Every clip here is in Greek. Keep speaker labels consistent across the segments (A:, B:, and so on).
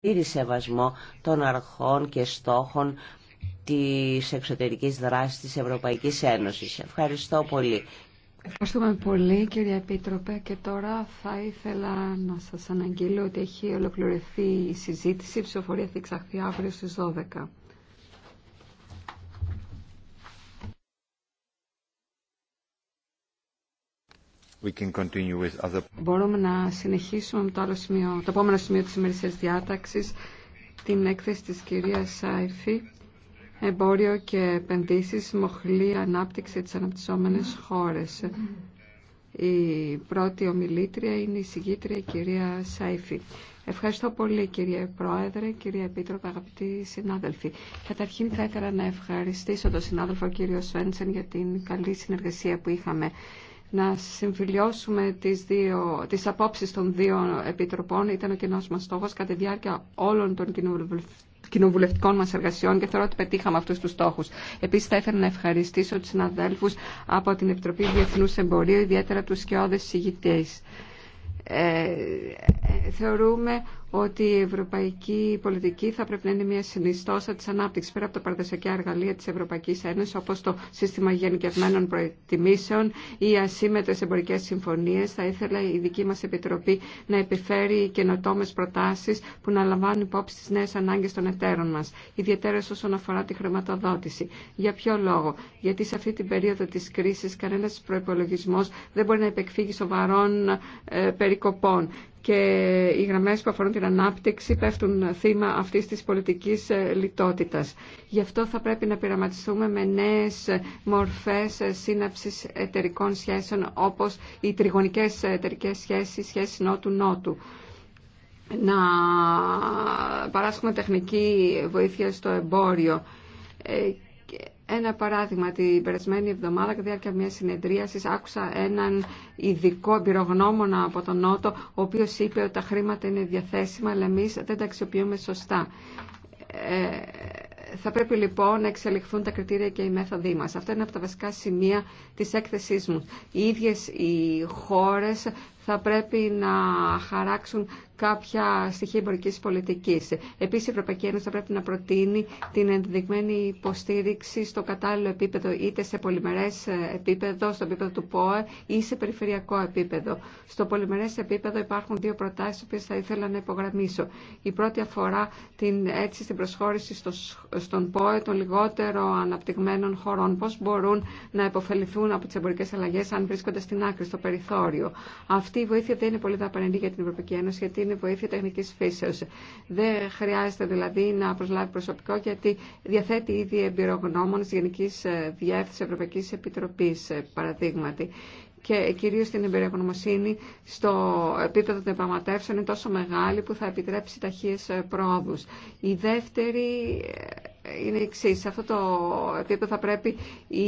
A: πλήρη σεβασμό των αρχών και στόχων της εξωτερικής δράσης της Ευρωπαϊκής Ένωσης. Ευχαριστώ πολύ.
B: Ευχαριστούμε πολύ κύριε Επίτροπε και τώρα θα ήθελα να σας αναγγείλω ότι έχει ολοκληρωθεί η συζήτηση. Η ψηφοφορία θα εξαχθεί αύριο στις 12. Μπορούμε να συνεχίσουμε με το, άλλο σημείο, το επόμενο σημείο της σημερινής διάταξης, την έκθεση της κυρία Σάιφη, εμπόριο και επενδύσεις, μοχλή ανάπτυξη της αναπτυσσόμενες χώρες. Η πρώτη ομιλήτρια είναι η συγγήτρια κυρία Σάιφη. Ευχαριστώ πολύ κύριε Πρόεδρε, κύριε Επίτροπε, αγαπητοί συνάδελφοι. Καταρχήν θα ήθελα να ευχαριστήσω τον συνάδελφο κύριο Σβέντσεν για την καλή συνεργασία που είχαμε να συμφιλιώσουμε τις, δύο, τις απόψεις των δύο επιτροπών ήταν ο κοινό μας στόχος κατά τη διάρκεια όλων των κοινοβουλευτικών μας εργασιών και θεωρώ ότι πετύχαμε αυτούς τους στόχους. Επίσης θα ήθελα να ευχαριστήσω τους συναδέλφους από την Επιτροπή Διεθνούς Εμπορίου, ιδιαίτερα τους σκιώδες συγητές. Ε, ε θεωρούμε ότι η ευρωπαϊκή πολιτική θα πρέπει να είναι μια συνιστόσα της ανάπτυξης πέρα από τα παραδοσιακά εργαλεία της Ευρωπαϊκής Ένωσης όπως το σύστημα γενικευμένων προετοιμήσεων ή ασύμετρες εμπορικές συμφωνίες. Θα ήθελα η δική μας Επιτροπή να επιφέρει καινοτόμε προτάσεις που να λαμβάνουν υπόψη τις νέες ανάγκες των εταίρων μας, ιδιαίτερα όσον αφορά τη χρηματοδότηση. Για ποιο λόγο, γιατί σε αυτή την περίοδο της κρίσης κανένας προπολογισμό δεν μπορεί να επεκφύγει σοβαρών ε, περικοπών και οι γραμμές που αφορούν την ανάπτυξη πέφτουν θύμα αυτής της πολιτικής ε, λιτότητας. Γι' αυτό θα πρέπει να πειραματιστούμε με νέες μορφές ε, σύναψης εταιρικών σχέσεων όπως οι τριγωνικές εταιρικές σχέσεις, σχέσεις νότου-νότου να παράσχουμε τεχνική βοήθεια στο εμπόριο ε, ένα παράδειγμα, την περασμένη εβδομάδα, κατά διάρκεια μια συνεδρίαση, άκουσα έναν ειδικό εμπειρογνώμονα από τον Νότο, ο οποίο είπε ότι τα χρήματα είναι διαθέσιμα, αλλά εμεί δεν τα αξιοποιούμε σωστά. Ε, θα πρέπει λοιπόν να εξελιχθούν τα κριτήρια και οι μέθοδοί μας. Αυτό είναι από τα βασικά σημεία της έκθεσής μου. Οι ίδιες οι χώρες θα πρέπει να χαράξουν κάποια στοιχεία εμπορική πολιτική. Επίση, η Ευρωπαϊκή Ένωση θα πρέπει να προτείνει την ενδεδειγμένη υποστήριξη στο κατάλληλο επίπεδο, είτε σε πολυμερέ επίπεδο, στο επίπεδο του ΠΟΕ ή σε περιφερειακό επίπεδο. Στο πολυμερέ επίπεδο υπάρχουν δύο προτάσεις, που θα ήθελα να υπογραμμίσω. Η πρώτη αφορά την έτσι στην προσχώρηση στο, στον ΠΟΕ των λιγότερο αναπτυγμένων χωρών. πώ μπορούν να υποφεληθούν από τι εμπορικέ αλλαγέ αν βρίσκονται στην άκρη, στο περιθώριο. Αυτή η βοήθεια δεν είναι πολύ για την Ευρωπαϊκή Ένωση, γιατί είναι βοήθεια τεχνική φύσεω. Δεν χρειάζεται δηλαδή να προσλάβει προσωπικό, γιατί διαθέτει ήδη εμπειρογνώμων Γενική Διεύθυνση Ευρωπαϊκή Επιτροπή, ε, παραδείγματι και ε, κυρίως την εμπειρογνωμοσύνη στο επίπεδο των επαγματεύσεων είναι τόσο μεγάλη που θα επιτρέψει ταχύες ε, πρόοδους. Η δεύτερη είναι εξή. Σε αυτό το επίπεδο θα πρέπει η,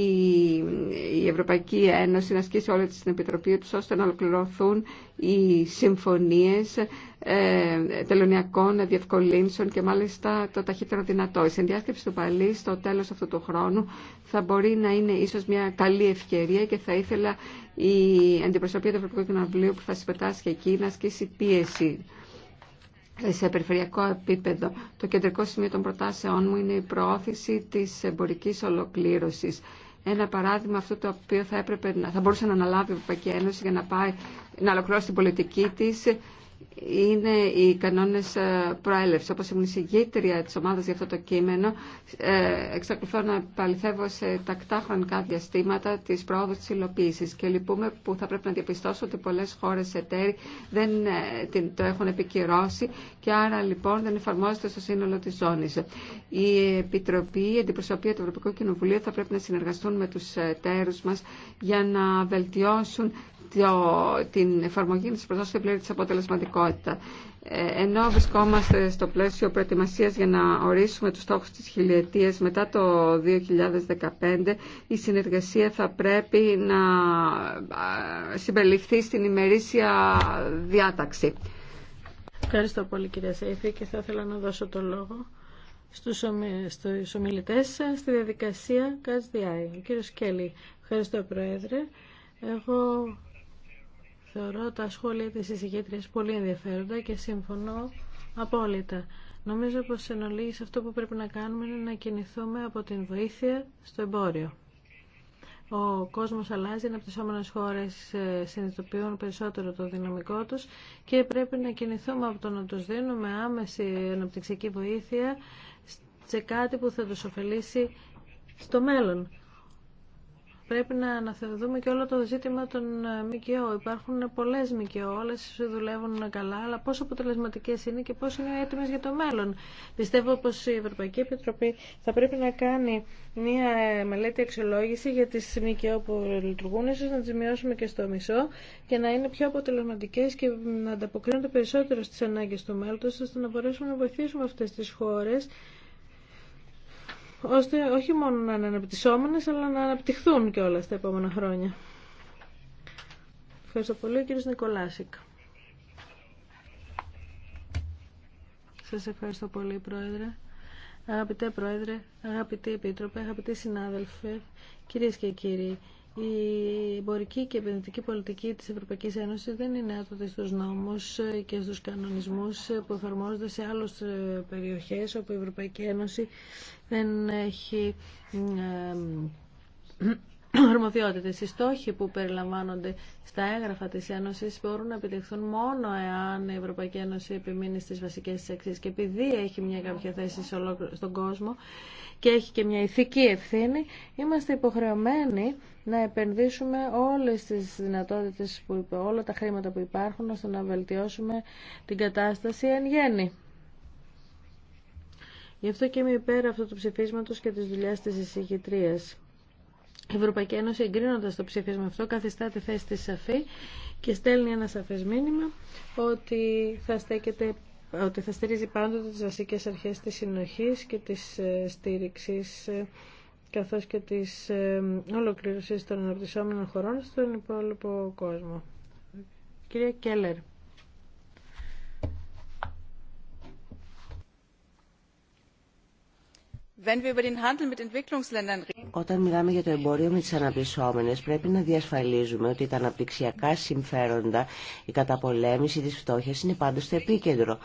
B: η Ευρωπαϊκή Ένωση να ασκήσει όλη τη την επιτροπή του ώστε να ολοκληρωθούν οι συμφωνίες ε, τελωνιακών διευκολύνσεων και μάλιστα το ταχύτερο δυνατό. Η συνδιάσκεψη του Παλί στο τέλος αυτού του χρόνου θα μπορεί να είναι ίσως μια καλή ευκαιρία και θα ήθελα η αντιπροσωπεία του Ευρωπαϊκού Κοινοβουλίου που θα συμμετάσχει εκεί να ασκήσει πίεση σε περιφερειακό επίπεδο. Το κεντρικό σημείο των προτάσεών μου είναι η προώθηση της εμπορικής ολοκλήρωσης. Ένα παράδειγμα αυτό το οποίο θα, έπρεπε, θα μπορούσε να αναλάβει η Ευρωπαϊκή Ένωση για να, πάει, να ολοκληρώσει την πολιτική της είναι οι κανόνες ε, προέλευση. Όπως ήμουν εισηγήτρια της ομάδας για αυτό το κείμενο, ε, εξακολουθώ να παληθεύω σε τακτά χρονικά διαστήματα τη πρόοδου της υλοποίηση. και λυπούμε που θα πρέπει να διαπιστώσω ότι πολλές χώρες εταίροι δεν ε, το έχουν επικυρώσει και άρα λοιπόν δεν εφαρμόζεται στο σύνολο της ζώνης. Η Επιτροπή, η Αντιπροσωπεία του Ευρωπαϊκού Κοινοβουλίου θα πρέπει να συνεργαστούν με τους εταίρους μας για να βελτιώσουν το, την εφαρμογή της προσώσης και πλήρη της αποτελεσματικότητα. Ε, ενώ βρισκόμαστε στο πλαίσιο προετοιμασίας για να ορίσουμε τους στόχους της χιλιετίας μετά το 2015, η συνεργασία θα πρέπει να συμπεριληφθεί στην ημερήσια διάταξη. Ευχαριστώ πολύ κυρία Σέιφη και θα ήθελα
C: να δώσω το λόγο στους, ομι... στους στη διαδικασία ΚΑΣΔΙ. Ο κύριος ευχαριστώ Πρόεδρε. Εγώ Θεωρώ τα σχόλια της εισηγήτριας πολύ ενδιαφέροντα και συμφωνώ απόλυτα. Νομίζω πως εν ολίγης αυτό που πρέπει να κάνουμε είναι να κινηθούμε από την βοήθεια στο εμπόριο. Ο κόσμος αλλάζει, οι αναπτυσσόμενες χώρες ε, συνειδητοποιούν περισσότερο το δυναμικό τους και πρέπει να κινηθούμε από το να τους δίνουμε άμεση αναπτυξιακή βοήθεια σε κάτι που θα τους ωφελήσει στο μέλλον πρέπει να αναθεωρούμε και όλο το ζήτημα των ε, ΜΚΟ. Υπάρχουν πολλέ ΜΚΟ, όλε δουλεύουν καλά, αλλά πόσο αποτελεσματικέ είναι και πόσο είναι έτοιμε για το μέλλον. Πιστεύω πω η Ευρωπαϊκή Επιτροπή θα πρέπει να κάνει μια ε, μελέτη αξιολόγηση για τι ΜΚΟ που λειτουργούν, ίσω να τι μειώσουμε και στο μισό και να είναι πιο αποτελεσματικέ και να ανταποκρίνονται περισσότερο στι ανάγκε του μέλλοντο, ώστε να μπορέσουμε να βοηθήσουμε αυτέ τι χώρε ώστε όχι μόνο να είναι αναπτυσσόμενες, αλλά να αναπτυχθούν και όλα στα επόμενα χρόνια. Ευχαριστώ πολύ, ο κύριος Νικολάσικ. Σας ευχαριστώ πολύ, Πρόεδρε. Αγαπητέ Πρόεδρε, αγαπητή Επίτροπε, αγαπητοί συνάδελφοι, κυρίες και κύριοι, η εμπορική και επενδυτική πολιτική της Ευρωπαϊκής Ένωσης δεν είναι άτοτε στους νόμους και στους κανονισμούς που εφαρμόζονται σε άλλες περιοχές όπου η Ευρωπαϊκή Ένωση δεν έχει αρμοδιότητες. Οι στόχοι που περιλαμβάνονται στα έγγραφα της Ένωσης μπορούν να επιτευχθούν μόνο εάν η Ευρωπαϊκή Ένωση επιμείνει στις βασικές της αξίες. Και επειδή έχει μια κάποια θέση στον κόσμο και έχει και μια ηθική ευθύνη, είμαστε υποχρεωμένοι να επενδύσουμε όλες τις δυνατότητες, που, όλα τα χρήματα που υπάρχουν, ώστε να βελτιώσουμε την κατάσταση εν γέννη. Γι' αυτό και είμαι υπέρ αυτού του ψηφίσματος και της δουλειάς της εισηγητρίας. Η Ευρωπαϊκή Ένωση εγκρίνοντα το ψήφισμα αυτό καθιστά τη θέση τη σαφή και στέλνει ένα σαφέ μήνυμα ότι θα στέκεται ότι θα στηρίζει πάντοτε τις βασικές αρχές της συνοχής και της ε, στήριξης ε, καθώς και της ε, ολοκλήρωσης των αναπτυσσόμενων χωρών στον υπόλοιπο κόσμο. Κυρία Κέλλερ.
B: Όταν
A: μιλάμε για το εμπόριο με τις αναπτυσσόμενες πρέπει να διασφαλίζουμε ότι τα αναπτυξιακά συμφέροντα, η καταπολέμηση της φτώχειας είναι πάντως στο επίκεντρο.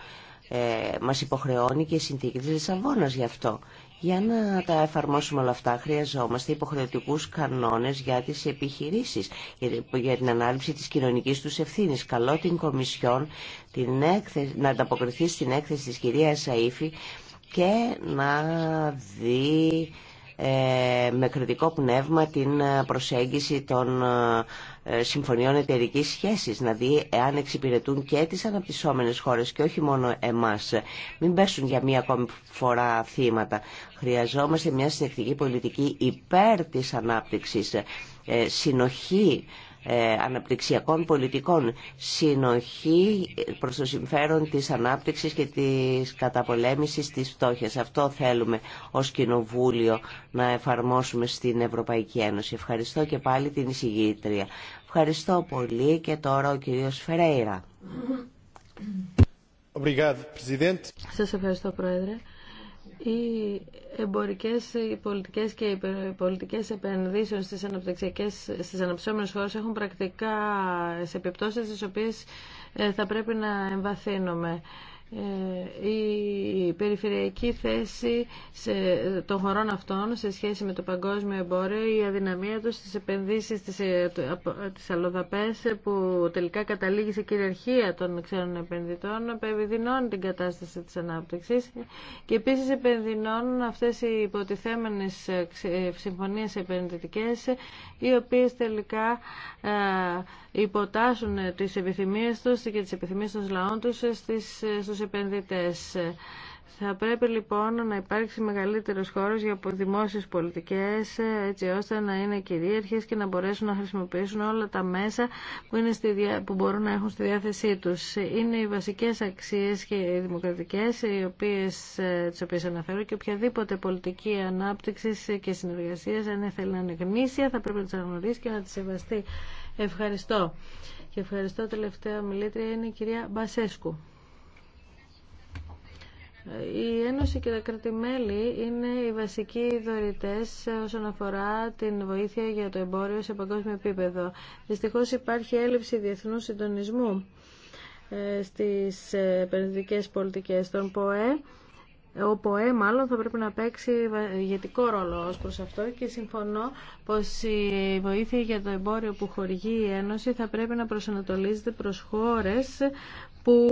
A: Ε, μας υποχρεώνει και η συνθήκη της Λισαβόνας γι' αυτό. Για να τα εφαρμόσουμε όλα αυτά χρειαζόμαστε υποχρεωτικούς κανόνες για τις επιχειρήσεις, για την ανάληψη της κοινωνικής τους ευθύνης. Καλό την Κομισιόν την έκθεση, να ανταποκριθεί στην έκθεση της κυρίας Σαΐφη και να δει ε, με κριτικό πνεύμα την προσέγγιση των ε, συμφωνιών εταιρική σχέσης, να δει εάν εξυπηρετούν και τις αναπτυσσόμενες χώρες και όχι μόνο εμάς. Μην πέσουν για μία ακόμη φορά θύματα. Χρειαζόμαστε μια συνεκτική πολιτική υπέρ της ανάπτυξης, ε, συνοχή ε, αναπτυξιακών πολιτικών. Συνοχή προς το συμφέρον της ανάπτυξης και της καταπολέμησης της φτώχειας. Αυτό θέλουμε ως Κοινοβούλιο να εφαρμόσουμε στην Ευρωπαϊκή Ένωση. Ευχαριστώ και πάλι την εισηγήτρια. Ευχαριστώ πολύ και τώρα ο κύριος Φερέιρα. Σας ευχαριστώ
C: Πρόεδρε οι εμπορικές οι πολιτικές και οι πολιτικές επενδύσεων στις, αναπτυξιακές, στις αναπτυσσόμενες χώρες έχουν πρακτικά σε επιπτώσεις τις οποίες ε, θα πρέπει να εμβαθύνουμε. Ε, η περιφερειακή θέση σε, των χωρών αυτών σε σχέση με το παγκόσμιο εμπόριο, η αδυναμία τους στις επενδύσεις της, ε, της που τελικά καταλήγει σε κυριαρχία των ξένων επενδυτών επιδεινώνει την κατάσταση της ανάπτυξης και επίσης επενδυνώνουν αυτές οι υποτιθέμενες ε, συμφωνίες επενδυτικές οι οποίες τελικά υποτάσσουν τις επιθυμίες τους και τις επιθυμίες των λαών τους στις, στους επενδυτές. Θα πρέπει λοιπόν να υπάρξει μεγαλύτερος χώρος για δημόσιες πολιτικές έτσι ώστε να είναι κυρίαρχες και να μπορέσουν να χρησιμοποιήσουν όλα τα μέσα που, είναι στη, που μπορούν να έχουν στη διάθεσή τους. Είναι οι βασικές αξίες και οι δημοκρατικές οι οποίες, ε, τις οποίες αναφέρω και οποιαδήποτε πολιτική ανάπτυξη και συνεργασία αν θέλει να είναι γνήσια θα πρέπει να τις αναγνωρίσει και να τις σεβαστεί Ευχαριστώ. Και ευχαριστώ τελευταία μιλήτρια είναι η κυρία Μπασέσκου. Η Ένωση και τα κρατη είναι οι βασικοί δωρητές όσον αφορά την βοήθεια για το εμπόριο σε παγκόσμιο επίπεδο. Δυστυχώς υπάρχει έλλειψη διεθνού συντονισμού ε, στις ε, επενδυτικές πολιτικές των ΠΟΕ ο ΠΟΕ μάλλον θα πρέπει να παίξει ηγετικό ρόλο ως προς αυτό και συμφωνώ πως η βοήθεια για το εμπόριο που χορηγεί η Ένωση θα πρέπει να προσανατολίζεται προς χώρες που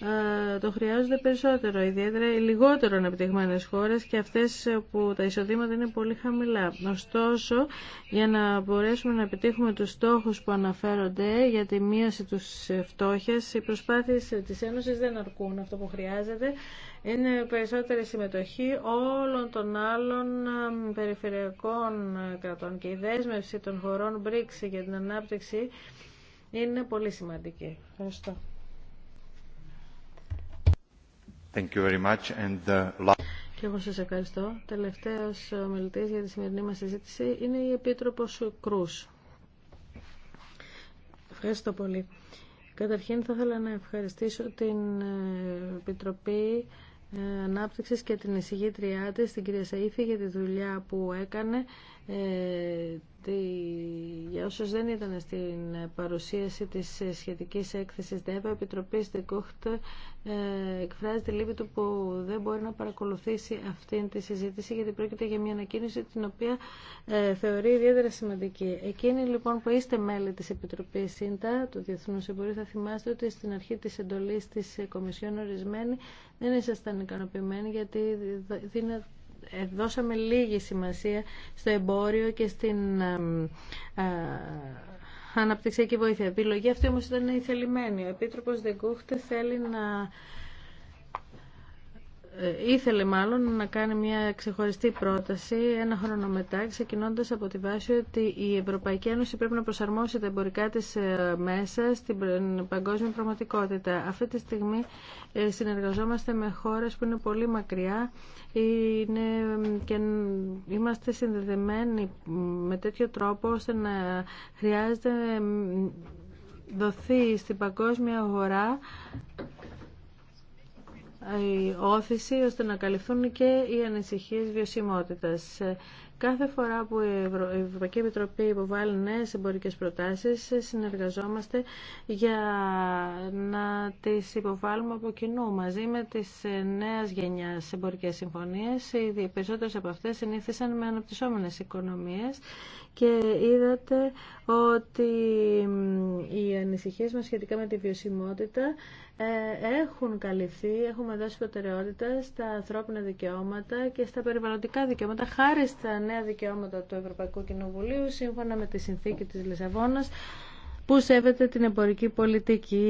C: ε, το χρειάζονται περισσότερο, ιδιαίτερα οι λιγότερο αναπτυγμένε χώρε και αυτέ που τα εισοδήματα είναι πολύ χαμηλά. Ωστόσο, για να μπορέσουμε να επιτύχουμε του στόχου που αναφέρονται για τη μείωση του φτώχεια, οι προσπάθειε τη Ένωση δεν αρκούν. Αυτό που χρειάζεται είναι περισσότερη συμμετοχή όλων των άλλων περιφερειακών κρατών και η δέσμευση των χωρών BRICS για την ανάπτυξη είναι πολύ σημαντική. Ευχαριστώ. Uh, και εγώ σας ευχαριστώ. Τελευταίος ομιλητής για τη σημερινή μας συζήτηση είναι η Επίτροπος Κρούς. Ευχαριστώ πολύ. Καταρχήν θα ήθελα να ευχαριστήσω την ε, Επιτροπή ε, Ανάπτυξης και την εισηγήτριά της, την κυρία Σαΐφη, για τη δουλειά που έκανε ε, για όσους δεν ήταν στην παρουσίαση της σχετικής έκθεσης ΔΕΒΑ, η Επιτροπή στην ε, εκφράζει τη λύπη του που δεν μπορεί να παρακολουθήσει αυτή τη συζήτηση γιατί πρόκειται για μια ανακοίνωση την οποία ε, θεωρεί ιδιαίτερα σημαντική. Εκείνη λοιπόν που είστε μέλη της Επιτροπής ΣΥΝΤΑ, του Διεθνού Συμπορίου θα θυμάστε ότι στην αρχή της εντολής της Κομισιόν ορισμένη δεν ήσασταν ικανοποιημένοι γιατί δίνεται δώσαμε λίγη σημασία στο εμπόριο και στην ε, αναπτυξιακή βοήθεια. επιλογή αυτή όμως ήταν η θελημένη. Ο Επίτροπος Δεκούχτη θέλει να ε, ήθελε μάλλον να κάνει μια ξεχωριστή πρόταση ένα χρόνο μετά, ξεκινώντα από τη βάση ότι η Ευρωπαϊκή Ένωση πρέπει να προσαρμόσει τα εμπορικά τη ε, μέσα στην παγκόσμια πραγματικότητα. Αυτή τη στιγμή ε, συνεργαζόμαστε με χώρε που είναι πολύ μακριά είναι και είμαστε συνδεδεμένοι με τέτοιο τρόπο ώστε να χρειάζεται δοθεί στην παγκόσμια αγορά η όθηση ώστε να καλυφθούν και οι ανησυχίες βιωσιμότητα. Κάθε φορά που η Ευρωπαϊκή Επιτροπή υποβάλλει νέες εμπορικές προτάσεις, συνεργαζόμαστε για να τις υποβάλουμε από κοινού μαζί με τις νέας γενιάς εμπορικές συμφωνίες. Οι περισσότερε από αυτές συνήθισαν με αναπτυσσόμενες οικονομίες και είδατε ότι οι ανησυχίες μας σχετικά με τη βιωσιμότητα ε, έχουν καλυφθεί, έχουμε δώσει προτεραιότητα στα ανθρώπινα δικαιώματα και στα περιβαλλοντικά δικαιώματα χάρη στα νέα δικαιώματα του Ευρωπαϊκού Κοινοβουλίου σύμφωνα με τη συνθήκη της Λισαβόνας που σέβεται την εμπορική πολιτική.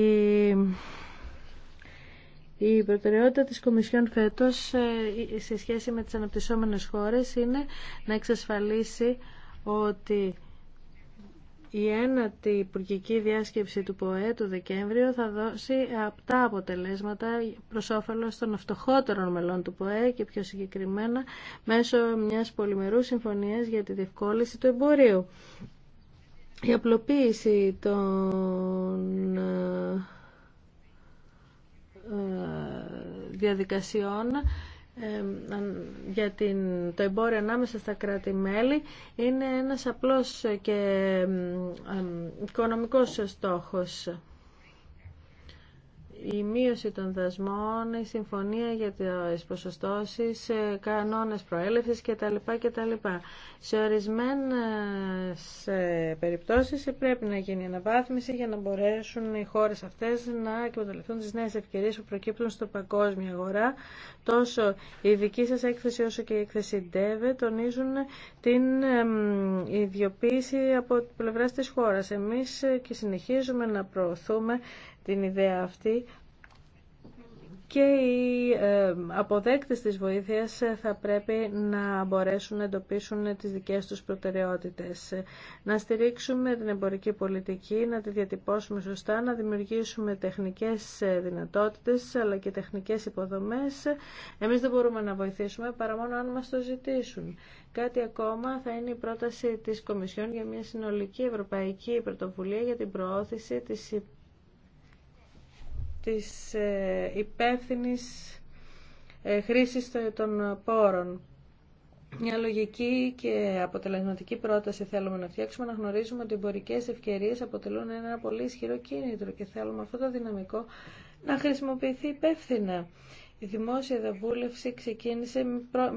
C: Η προτεραιότητα της Κομισιόν φέτος ε, σε σχέση με τις αναπτυσσόμενες χώρες είναι να εξασφαλίσει ότι η ένατη υπουργική διάσκεψη του ΠΟΕ του Δεκέμβριο θα δώσει απτά αποτελέσματα προς όφελος των φτωχότερων μελών του ΠΟΕ και πιο συγκεκριμένα μέσω μιας πολυμερού συμφωνίας για τη διευκόλυνση του εμπορίου. Η απλοποίηση των ε, ε, διαδικασιών για την, το εμπόριο ανάμεσα στα κράτη-μέλη είναι ένας απλός και οικονομικός στόχος η μείωση των δασμών, η συμφωνία για τις ποσοστώσεις, ε, κανόνες προέλευσης κτλ. κτλ. Σε ορισμένες ε, περιπτώσεις πρέπει να γίνει αναβάθμιση για να μπορέσουν οι χώρες αυτές να εκμεταλλευτούν τις νέες ευκαιρίες που προκύπτουν στο παγκόσμιο αγορά. Τόσο η δική σας έκθεση όσο και η έκθεση DEVE τονίζουν την ιδιοποίηση από πλευράς της χώρας. Εμείς ε, και συνεχίζουμε να προωθούμε την ιδέα αυτή και οι ε, αποδέκτες της βοήθειας ε, θα πρέπει να μπορέσουν να εντοπίσουν τις δικές τους προτεραιότητες. Να στηρίξουμε την εμπορική πολιτική, να τη διατυπώσουμε σωστά, να δημιουργήσουμε τεχνικές ε, δυνατότητες αλλά και τεχνικές υποδομές. Εμείς δεν μπορούμε να βοηθήσουμε παρά μόνο αν μας το ζητήσουν. Κάτι ακόμα θα είναι η πρόταση της Κομισιόν για μια συνολική ευρωπαϊκή πρωτοβουλία για την προώθηση της της ε, υπεύθυνης ε, χρήσης των πόρων. Μια λογική και αποτελεσματική πρόταση θέλουμε να φτιάξουμε, να γνωρίζουμε ότι οι εμπορικέ ευκαιρίε αποτελούν ένα πολύ ισχυρό κίνητρο και θέλουμε αυτό το δυναμικό να χρησιμοποιηθεί υπεύθυνα. Η δημόσια δαβούλευση ξεκίνησε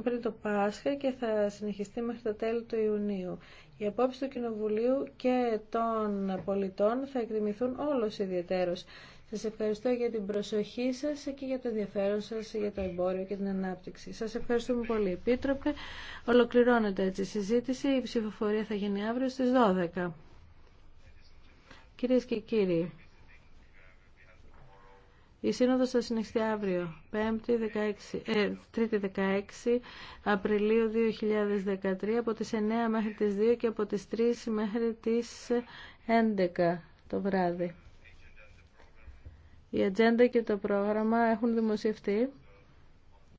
C: πριν το Πάσχα και θα συνεχιστεί μέχρι το τέλη του Ιουνίου. Οι απόψει του Κοινοβουλίου και των πολιτών θα εκτιμηθούν όλο ιδιαίτερος σας ευχαριστώ για την προσοχή σας και για το ενδιαφέρον σας για το εμπόριο και την ανάπτυξη. Σας ευχαριστούμε πολύ, Επίτροπε. Ολοκληρώνεται έτσι η συζήτηση. Η ψηφοφορία θα γίνει αύριο στις 12. Κυρίες και κύριοι, η σύνοδος θα συνεχιστεί αύριο, 5η 16, 3η 16 Απριλίου 2013, από τις 9 μέχρι τις 2 και από τις 3 μέχρι τις 11 το βράδυ. Η ατζέντα και το πρόγραμμα έχουν δημοσιευτεί.